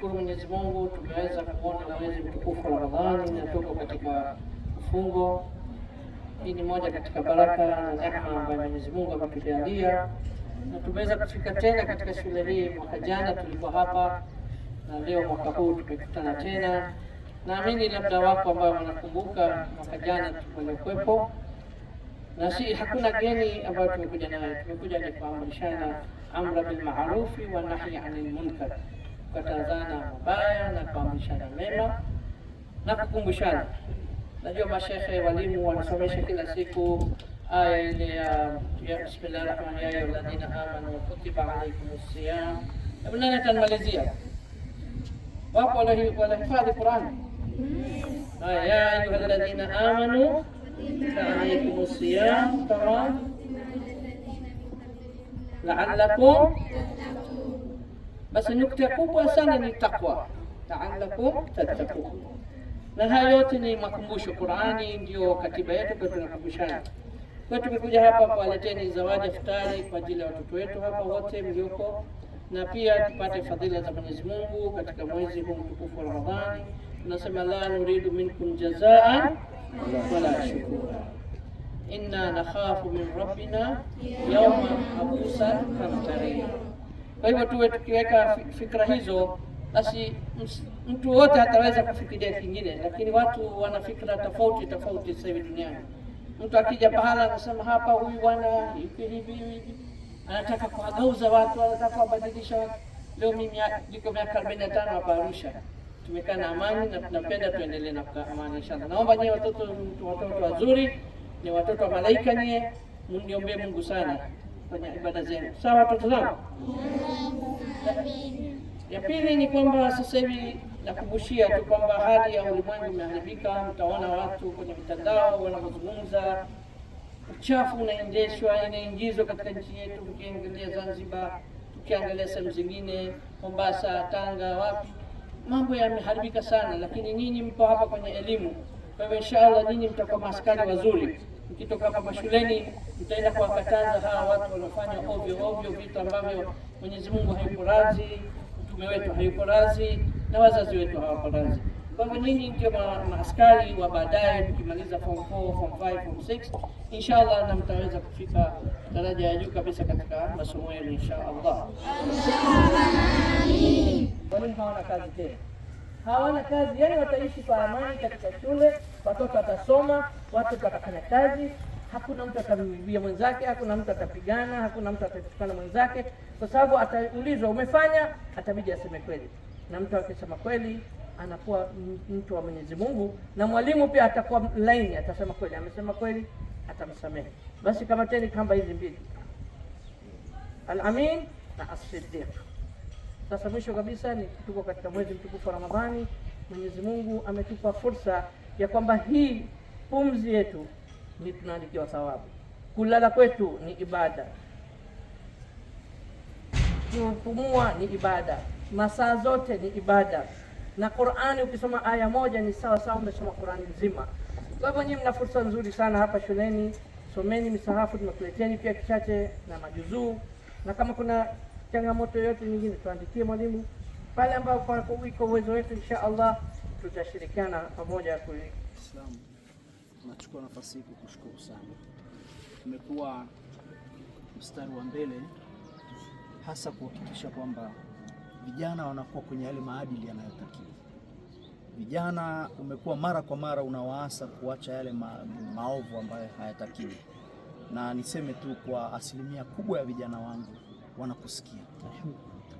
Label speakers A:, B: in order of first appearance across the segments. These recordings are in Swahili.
A: Tunamshukuru Mwenyezi Mungu, tumeweza kuona na mwezi mtukufu wa Ramadhani na tuko katika mfungo. Hii ni moja katika baraka na neema ambayo Mwenyezi Mungu ametujalia, na tumeweza kufika tena katika shule hii. Mwaka jana tulikuwa hapa na leo mwaka huu tumekutana tena. Naamini labda wako ambao wanakumbuka mwaka jana tulikuwepo, na si hakuna geni ambayo tumekuja nayo. Tumekuja ni kuamrishana amra bil ma'rufi wa nahi anil munkar kukatazana mabaya na kuamrishana mema na kukumbushana. Najua mashehe walimu wanasomesha kila siku aya ile ya bismillahi rahmani ya ayyuhalladhina amanu kutiba alaykumus siyam. Hebu nani atanimalizia? Wapo wanahifadhi Qurani? ya ayyuhalladhina amanu kutiba alaykumus siyam, tamam, la'allakum Basi nukta kubwa sana ni takwa, laalakum tattaqun. Na haya yote ni makumbusho. Qur'ani ndio katiba yetu, kwa tunakumbushana. Kwa tumekuja hapa kuwaleteni zawadi iftari kwa ajili ya watoto wetu hapa wote mlioko, na pia tupate fadhila za Mwenyezi Mungu katika mwezi huu mtukufu wa Ramadhani. Tunasema la nuridu minkum jazaan wala shukura inna nakhafu min rabbina yawman abusan kamtaria kwa hivyo tuwe tukiweka fikra hizo, basi mtu wote ataweza kufikiria kingine, lakini watu wana fikra tofauti tofauti sasa hivi duniani. Mtu akija pahala anasema hapa, huyu bwana hivi hivi, anataka kuwagauza watu, anataka kuwabadilisha watu. Leo mimi niko miaka 45 hapa Arusha, tumekaa na amani na tunapenda tuendelee na amani inshallah. Naomba nyie watoto, watoto wazuri, ni watoto wa malaika, nyie mniombee Mungu sana kwenye ibada zenu, sawa watoto zangu? Ya pili ni kwamba sasa hivi nakumbushia tu kwamba hali ya ulimwengu imeharibika. Mtaona watu kwenye mitandao wanazungumza, uchafu unaendeshwa, inaingizwa katika nchi yetu. Tukiangalia Zanzibar, tukiangalia sehemu zingine, Mombasa, Tanga, wapi, mambo yameharibika sana, lakini nyinyi mpo hapa kwenye elimu. Kwa hivyo, inshallah nyinyi mtakuwa maaskari wazuri mkitoka kwa shuleni mtaenda kuwakataza hawa watu wanaofanya ovyo ovyo vitu ambavyo Mwenyezi Mungu hayupo radhi, mtume wetu hayupo radhi, na wazazi wetu hawapo radhi. Kwa hivyo nyinyi ndio maaskari wa baadaye, mkimaliza form 4, form 5, form 6 inshallah, na mtaweza kufika daraja ya juu kabisa katika masomo yenu inshallah. Walimu hawana kazi tena hawana kazi, yani wataishi kwa amani katika shule, watoto watasoma, watu watafanya kazi, hakuna mtu atamwibia mwenzake, hakuna mtu atapigana, hakuna mtu atachukana mwenzake, kwa sababu ataulizwa umefanya, atabidi aseme kweli, na mtu akisema kweli anakuwa mtu wa Mwenyezi Mungu, na mwalimu pia atakuwa laini, atasema kweli, amesema kweli, atamsamehe. Basi kamateni kamba hizi mbili, al-amin na as-siddiq. Sasa mwisho kabisa ni tuko katika mwezi mtukufu wa Ramadhani. Mwenyezi Mungu ametupa fursa ya kwamba hii pumzi yetu ni tunaandikiwa thawabu, kulala kwetu ni ibada, kupumua ni ibada, masaa zote ni ibada, na Qur'ani ukisoma aya moja ni sawa sawa umesoma Qur'ani nzima. Kwa hivyo nyinyi mna fursa nzuri sana hapa shuleni, someni misahafu tumekuleteni pia kichache na majuzuu, na kama kuna changamoto yoyote nyingine tuandikie mwalimu, pale ambapo iko uwezo wetu, insha Allah tutashirikiana pamoja. Kuislamu,
B: nachukua nafasi hii kukushukuru sana, tumekuwa mstari wa mbele hasa kuhakikisha kwamba vijana wanakuwa kwenye yale maadili yanayotakiwa. Vijana umekuwa mara kwa mara unawaasa kuacha yale ma, maovu ambayo hayatakiwi, na niseme tu kwa asilimia kubwa ya vijana wangu wanakusikia.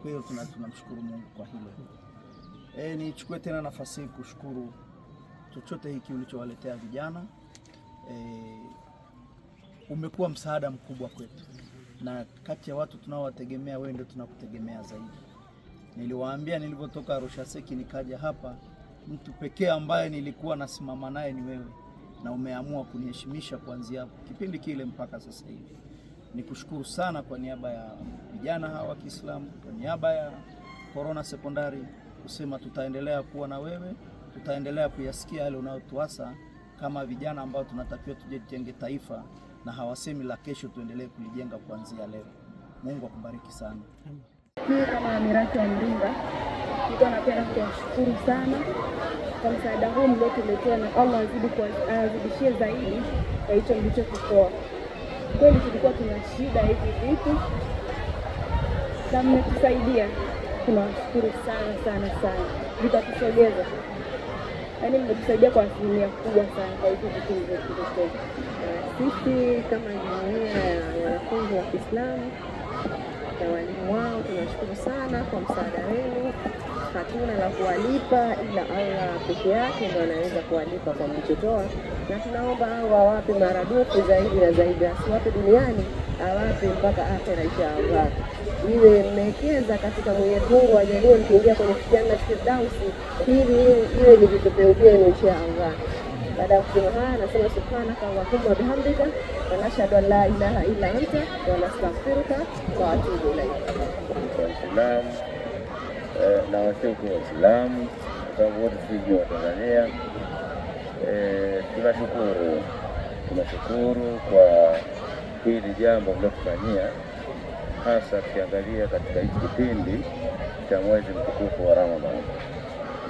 B: Kwa hiyo tunamshukuru Mungu kwa hilo. E, nichukue tena nafasi hii kushukuru chochote hiki ulichowaletea vijana e, umekuwa msaada mkubwa kwetu, na kati ya watu tunaowategemea wewe ndio tunakutegemea zaidi. Niliwaambia nilivyotoka Arusha Seki nikaja hapa, mtu pekee ambaye nilikuwa nasimama naye ni wewe, na umeamua kuniheshimisha kuanzia kipindi kile mpaka sasa hivi ni kushukuru sana kwa niaba ya vijana hawa wa Kiislamu, kwa niaba ya Korona Sekondari kusema tutaendelea kuwa na wewe, tutaendelea kuyasikia yale unayotuasa kama vijana ambao tunatakiwa tujenge taifa na hawasemi la kesho, tuendelee kulijenga kuanzia leo. Mungu akubariki sana.
C: Mimi kama Amirati wa Mringa nilikuwa napenda kuwashukuru sana kwa msaada huu mliotuletea, na Allah azidi kuwazidishie zaidi ya hicho mlichokitoa kweli tulikuwa tuna shida hivi vitu na mmetusaidia, tunawashukuru sana sana sana, vitatusogeza yaani, mmetusaidia kwa asilimia kubwa sana kwa hivi vitu vilivyotokea.
D: Sisi kama jumuiya ya wanafunzi wa Kiislamu na walimu wao tunashukuru sana kwa msaada wenu hatuna la kuwalipa ila Allah peke yake ndo anaweza kuwalipa kwa mlichotoa, na tunaomba Allah awape maradufu zaidi na zaidi, asiwape duniani, awape mpaka akhera inshaallah. Iwe mmewekeza katika Mwenyezi Mungu, ajalie mkiingia kwenye kijana Firdausi, hili iwe ni vitopeo vyenu insha Allah. Baada ya kusema haya, anasema subhanaka allahumma bihamdika wa nashhadu an la ilaha illa anta wa nastaghfiruka wa atubu ilaik.
E: Eh, na wa Waislamu sababu wote sisi wa Tanzania. Eh, tunashukuru, tunashukuru kwa hili jambo mliotufanyia, hasa tukiangalia katika hiki kipindi cha mwezi mtukufu wa ramadhan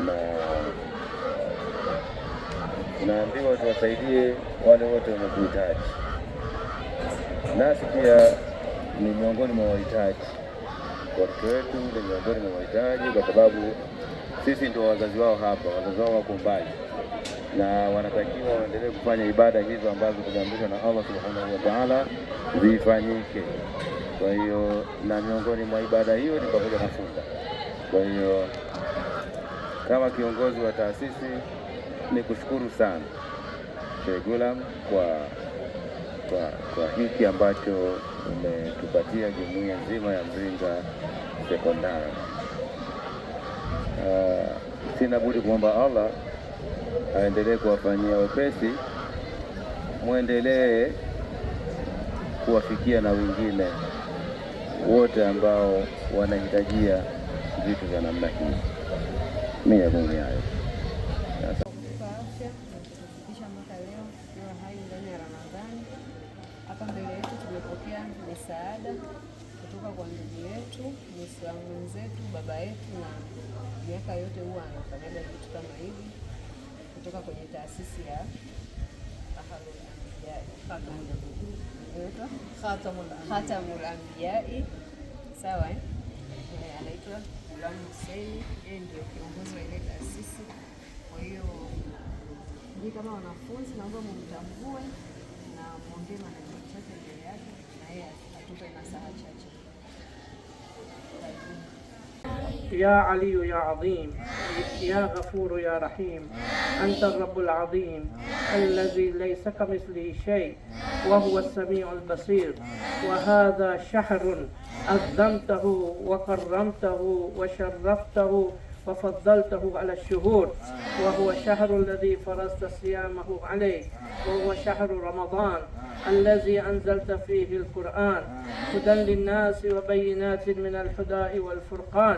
E: na tunaambiwa tuwasaidie wale wote wenye kuhitaji, nasi pia ni miongoni mwa wahitaji watoto wetu ni miongoni mwa wahitaji kwa sababu sisi ndio wazazi wao hapa. Wazazi wao wako mbali na wanatakiwa waendelee kufanya ibada hizo ambazo zimeamrishwa na Allah subhanahu wa taala zifanyike. Kwa hiyo na miongoni mwa ibada hiyo ni pamoja na funga. Kwa hiyo kama kiongozi wa taasisi ni kushukuru sana Sheikh Gulam kwa, kwa, kwa hiki ambacho umetupatia jumuiya nzima ya Mringa Sekondari. Uh, sina budi kuomba Allah aendelee kuwafanyia wepesi, mwendelee kuwafikia na wengine wote ambao wanahitajia vitu vya namna hii. Mimi yakuni hayo
F: hapa mbele tumepokea misaada kutoka kwa ndugu yetu Muislamu mwenzetu, baba yetu, na miaka yote huwa anafanyaga vitu kama hivi kutoka kwenye taasisi ya Khatamul Anbiyai, sawa eh? Anaitwa Ghulam Hussein, yeye ndio kiongozi wa ile taasisi. Kwa hiyo kama wanafunzi, naomba mumtambue
G: يا علي يا عظيم يا غفور يا رحيم أنت الرب العظيم الذي ليس كمثله شيء وهو السميع البصير وهذا شهر أقدمته وكرمته وشرفته ففضلته على الشهور وهو الشهر الذي فرضت صيامه عليه وهو شهر رمضان الذي أنزلت فيه القرآن هدى للناس وبينات من الهدى والفرقان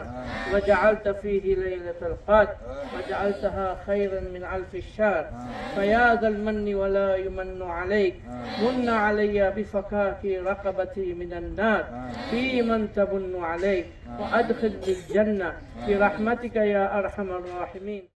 G: وجعلت فيه ليلة القدر وجعلتها خيرا من ألف الشهر فيا ذا المن ولا يمن عليك من علي بفكاك رقبتي من النار في من تمن عليك وأدخل بالجنة برحمتك يا أرحم الراحمين